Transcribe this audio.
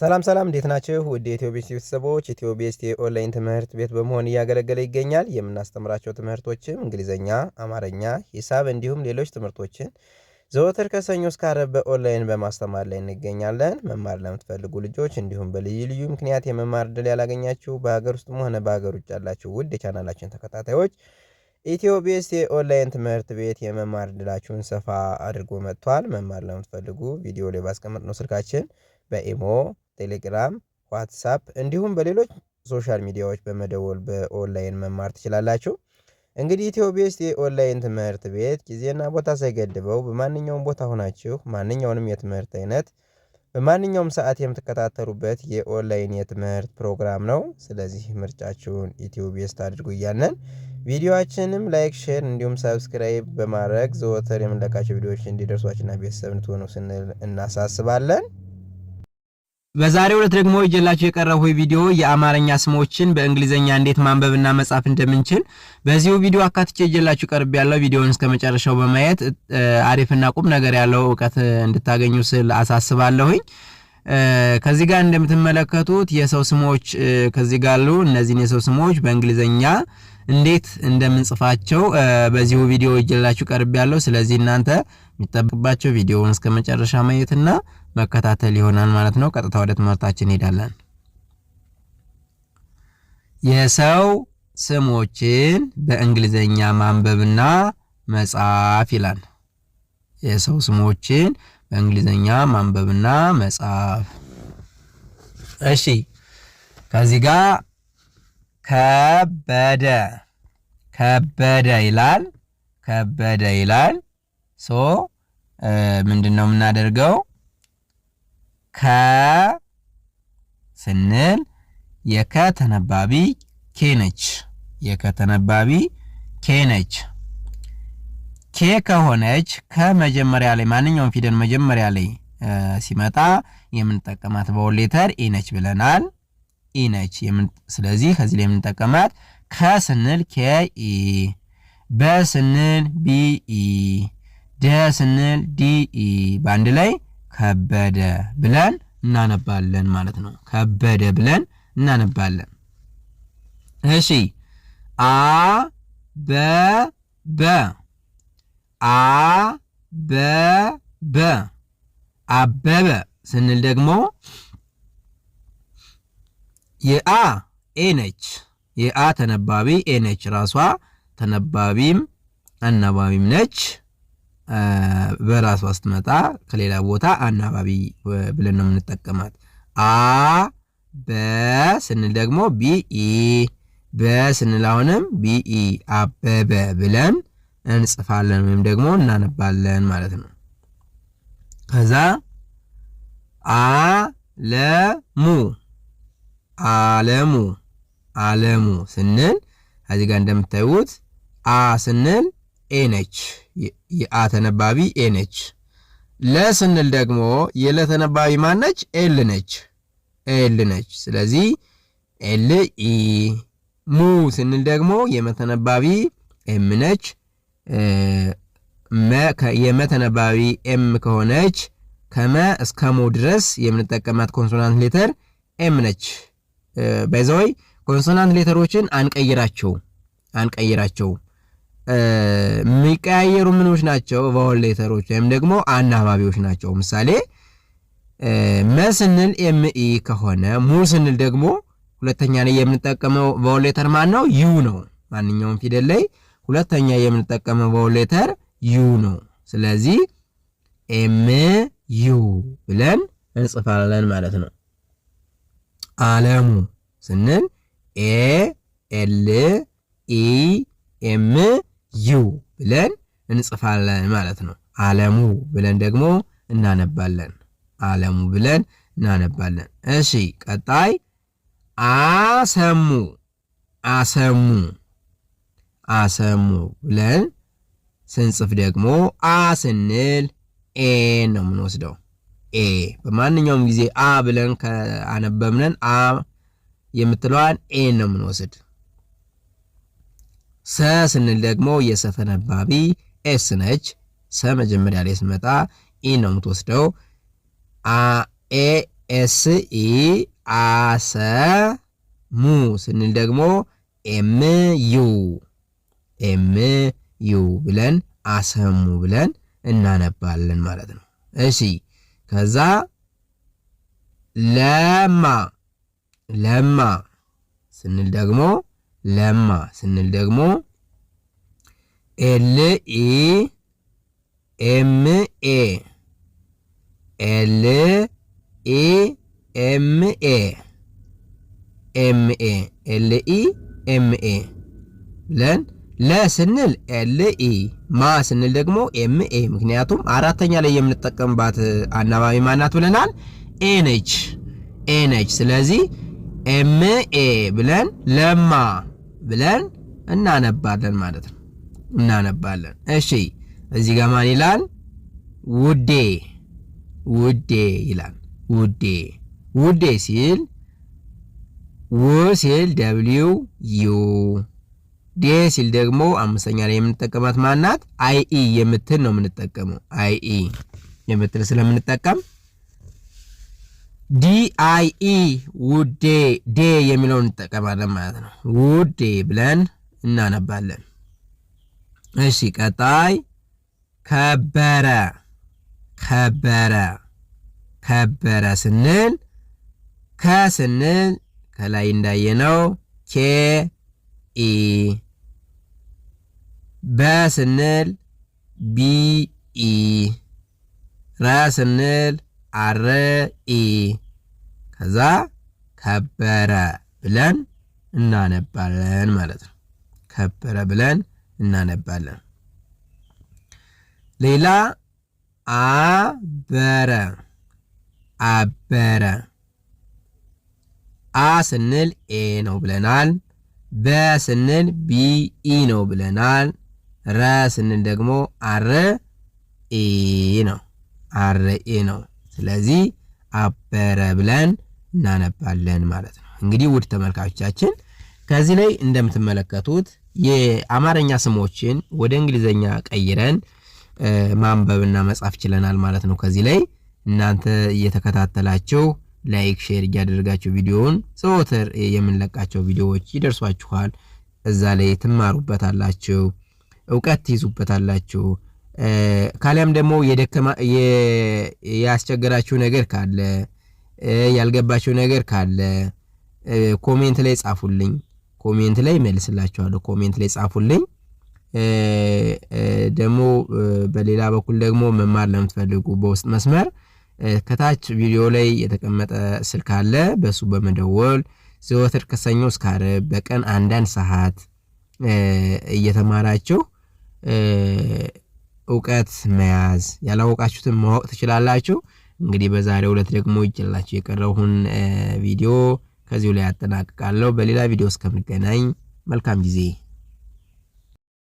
ሰላም ሰላም እንዴት ናችሁ? ውድ ኢትዮ ቤተሰቦች ኢትዮ ኦንላይን ትምህርት ቤት በመሆን እያገለገለ ይገኛል። የምናስተምራቸው ትምህርቶችም እንግሊዝኛ፣ አማርኛ፣ ሂሳብ እንዲሁም ሌሎች ትምህርቶችን ዘወትር ከሰኞ እስከ ዓርብ በኦንላይን በማስተማር ላይ እንገኛለን። መማር ለምትፈልጉ ልጆች እንዲሁም በልዩ ልዩ ምክንያት የመማር እድል ያላገኛችሁ በሀገር ውስጥም ሆነ በሀገር ውጭ ያላችሁ ውድ የቻናላችን ተከታታዮች ኢትዮቤስ የኦንላይን ትምህርት ቤት የመማር ዕድላችሁን ሰፋ አድርጎ መጥቷል። መማር ለምትፈልጉ ቪዲዮ ላይ ባስቀመጥነው ስልካችን በኢሞ ቴሌግራም፣ ዋትሳፕ እንዲሁም በሌሎች ሶሻል ሚዲያዎች በመደወል በኦንላይን መማር ትችላላችሁ። እንግዲህ ኢትዮቤስት የኦንላይን ትምህርት ቤት ጊዜና ቦታ ሳይገድበው በማንኛውም ቦታ ሆናችሁ ማንኛውንም የትምህርት አይነት በማንኛውም ሰዓት የምትከታተሉበት የኦንላይን የትምህርት ፕሮግራም ነው። ስለዚህ ምርጫችሁን ኢትዮቤስት ቤስት አድርጉ እያለን ቪዲዮችንም ላይክ፣ ሼር እንዲሁም ሰብስክራይብ በማድረግ ዘወትር የምንለቃቸው ቪዲዮዎች እንዲደርሷችና ቤተሰብ እንድትሆኑ ስንል እናሳስባለን። በዛሬው ዕለት ደግሞ ይዤላችሁ የቀረብኩት ቪዲዮ የአማርኛ ስሞችን በእንግሊዘኛ እንዴት ማንበብና መጻፍ እንደምንችል በዚሁ ቪዲዮ አካትቼ ይዤላችሁ ቀርብ ያለው ቪዲዮውን እስከ መጨረሻው በማየት አሪፍና ቁም ነገር ያለው እውቀት እንድታገኙ ስል አሳስባለሁኝ። ከዚህ ጋር እንደምትመለከቱት የሰው ስሞች ከዚህ ጋር አሉ። እነዚህን የሰው ስሞች በእንግሊዘኛ እንዴት እንደምንጽፋቸው በዚሁ ቪዲዮ ይዤላችሁ ቀርብ ያለው። ስለዚህ እናንተ የሚጠበቅባቸው ቪዲዮውን እስከ መጨረሻ ማየትና መከታተል ይሆናል ማለት ነው። ቀጥታ ወደ ትምህርታችን እንሄዳለን። የሰው ስሞችን በእንግሊዘኛ ማንበብና መጻፍ ይላል። የሰው ስሞችን በእንግሊዘኛ ማንበብና መጻፍ። እሺ ከዚህ ጋር ከበደ ከበደ ይላል ከበደ ይላል። ሶ ምንድን ነው የምናደርገው? ከ ስንል የከ ተነባቢ ኬ ነች። የከ ተነባቢ ኬ ነች። ኬ ከሆነች ከመጀመሪያ ላይ ማንኛውም ፊደል መጀመሪያ ላይ ሲመጣ የምንጠቀማት ባወል ሌተር ኢ ነች ብለናል። ኢ ነች። ስለዚህ ከዚህ ላይ የምንጠቀማት ከ ስንል ኬ ኢ፣ በ ስንል ቢ ኢ፣ ደ ስንል ዲ ኢ በአንድ ላይ ከበደ ብለን እናነባለን ማለት ነው። ከበደ ብለን እናነባለን። እሺ አ በ በ አ በ በ አበበ ስንል ደግሞ የአ ኤ ነች። የአ ተነባቢ ኤ ነች። ራሷ ተነባቢም አነባቢም ነች። በራሷ ስትመጣ ከሌላ ቦታ አናባቢ ብለን ነው የምንጠቀማት። አ በ ስንል ደግሞ ቢኢ በ ስንል አሁንም ቢኢ አበበ ብለን እንጽፋለን ወይም ደግሞ እናነባለን ማለት ነው። ከዛ አለሙ አለሙ አለሙ ስንል እዚህ ጋር እንደምታዩት አ ስንል ኤ ነች። የአ ተነባቢ ኤ ነች። ለ ስንል ደግሞ የለ ተነባቢ ማን ነች? ኤል ነች። ኤል ነች። ስለዚህ ኤል ኢ። ሙ ስንል ደግሞ የመተነባቢ ኤም ነች። የመተነባቢ ኤም ከሆነች ከመ እስከ ሙ ድረስ የምንጠቀማት ኮንሶናንት ሌተር ኤም ነች። በዛወይ ኮንሶናንት ሌተሮችን አንቀይራቸው አንቀይራቸው የሚቀያየሩ ምኖች ናቸው ቫውሌተሮች ወይም ደግሞ አናባቢዎች ናቸው። ምሳሌ መ ስንል ኤምኢ ከሆነ ሙ ስንል ደግሞ ሁለተኛ ላይ የምንጠቀመው ቫውሌተር ማን ነው? ዩ ነው። ማንኛውም ፊደል ላይ ሁለተኛ የምንጠቀመው ቫውሌተር ዩ ነው። ስለዚህ ኤም ዩ ብለን እንጽፋለን ማለት ነው። አለሙ ስንል ኤ ኤል ኢ ኤም ዩ ብለን እንጽፋለን ማለት ነው። አለሙ ብለን ደግሞ እናነባለን። አለሙ ብለን እናነባለን። እሺ ቀጣይ አሰሙ አሰሙ አሰሙ ብለን ስንጽፍ ደግሞ አ ስንል ኤ ነው የምንወስደው። ኤ በማንኛውም ጊዜ አ ብለን ከአነበብነን አ የምትለዋን ኤ ነው የምንወስድ። ሰ ስንል ደግሞ የሰፈ ነባቢ ኤስ ነች። ሰ መጀመሪያ ላይ ስመጣ ኢ ነው የምትወስደው። ኤ ኤስ ኢ አሰ ሙ ስንል ደግሞ ኤም ዩ ኤም ዩ ብለን አሰሙ ብለን እናነባለን ማለት ነው። እሺ ከዛ ለማ ለማ ስንል ደግሞ ለማ ስንል ደግሞ ኤል ኢ ኤም ኤ ኤል ኢ ኤም ኤ ኤም ኤ ኤል ኢ ኤም ኤ ብለን ለ ስንል ኤል ኢ ማ ስንል ደግሞ ኤም ኤ። ምክንያቱም አራተኛ ላይ የምንጠቀምባት አናባቢ ማናት ብለናል? ኤ ነች ኤ ነች። ስለዚህ ኤም ኤ ብለን ለማ ብለን እናነባለን ማለት ነው። እናነባለን። እሺ እዚህ ጋር ማን ይላል? ውዴ ውዴ ይላል። ውዴ ውዴ ሲል ው ሲል ደብሊው ዩ ዴ ሲል ደግሞ አምስተኛ ላይ የምንጠቀማት ማናት? አይ ኢ የምትል ነው የምንጠቀመው። አይ ኢ የምትል ስለምንጠቀም ዲአይኢ ውዴ ዴ የሚለውን እንጠቀማለን ማለት ነው። ውዴ ብለን እናነባለን። እሺ ቀጣይ ከበረ ከበረ ከበረ ስንል ከስንል ከላይ እንዳየነው ኬ ኢ በስንል ቢ ኢ ረ ስንል ኢ ከዛ ከበረ ብለን እናነባለን ማለት ነው። ከበረ ብለን እናነባለን። ሌላ አበረ አበረ አ ስንል ኤ ነው ብለናል። በ ስንል ቢኢ ነው ብለናል። ረ ስንል ደግሞ አር ኢ ነው አር ኤ ነው። ስለዚህ አበረ ብለን እናነባለን ማለት ነው። እንግዲህ ውድ ተመልካቾቻችን ከዚህ ላይ እንደምትመለከቱት የአማርኛ ስሞችን ወደ እንግሊዘኛ ቀይረን ማንበብና መጻፍ ችለናል ማለት ነው። ከዚህ ላይ እናንተ እየተከታተላችሁ ላይክ፣ ሼር እያደረጋችሁ ቪዲዮውን ዘወትር የምንለቃቸው ቪዲዮዎች ይደርሷችኋል። እዛ ላይ ትማሩበታላችሁ፣ እውቀት ትይዙበታላችሁ። ካሊያም ደግሞ የደከማ ያስቸገራችሁ ነገር ካለ ያልገባችሁ ነገር ካለ ኮሜንት ላይ ጻፉልኝ። ኮሜንት ላይ መልስላችኋለሁ። ኮሜንት ላይ ጻፉልኝ። ደግሞ በሌላ በኩል ደግሞ መማር ለምትፈልጉ በውስጥ መስመር ከታች ቪዲዮ ላይ የተቀመጠ ስልክ አለ። በሱ በመደወል ዘወትር ከሰኞ እስከ ዓርብ በቀን አንዳንድ ሰዓት እየተማራችሁ እውቀት መያዝ ያላወቃችሁትን ማወቅ ትችላላችሁ። እንግዲህ በዛሬው ዕለት ደግሞ ይዤላችሁ የቀረውን ቪዲዮ ከዚሁ ላይ ያጠናቅቃለሁ። በሌላ ቪዲዮ እስከምገናኝ መልካም ጊዜ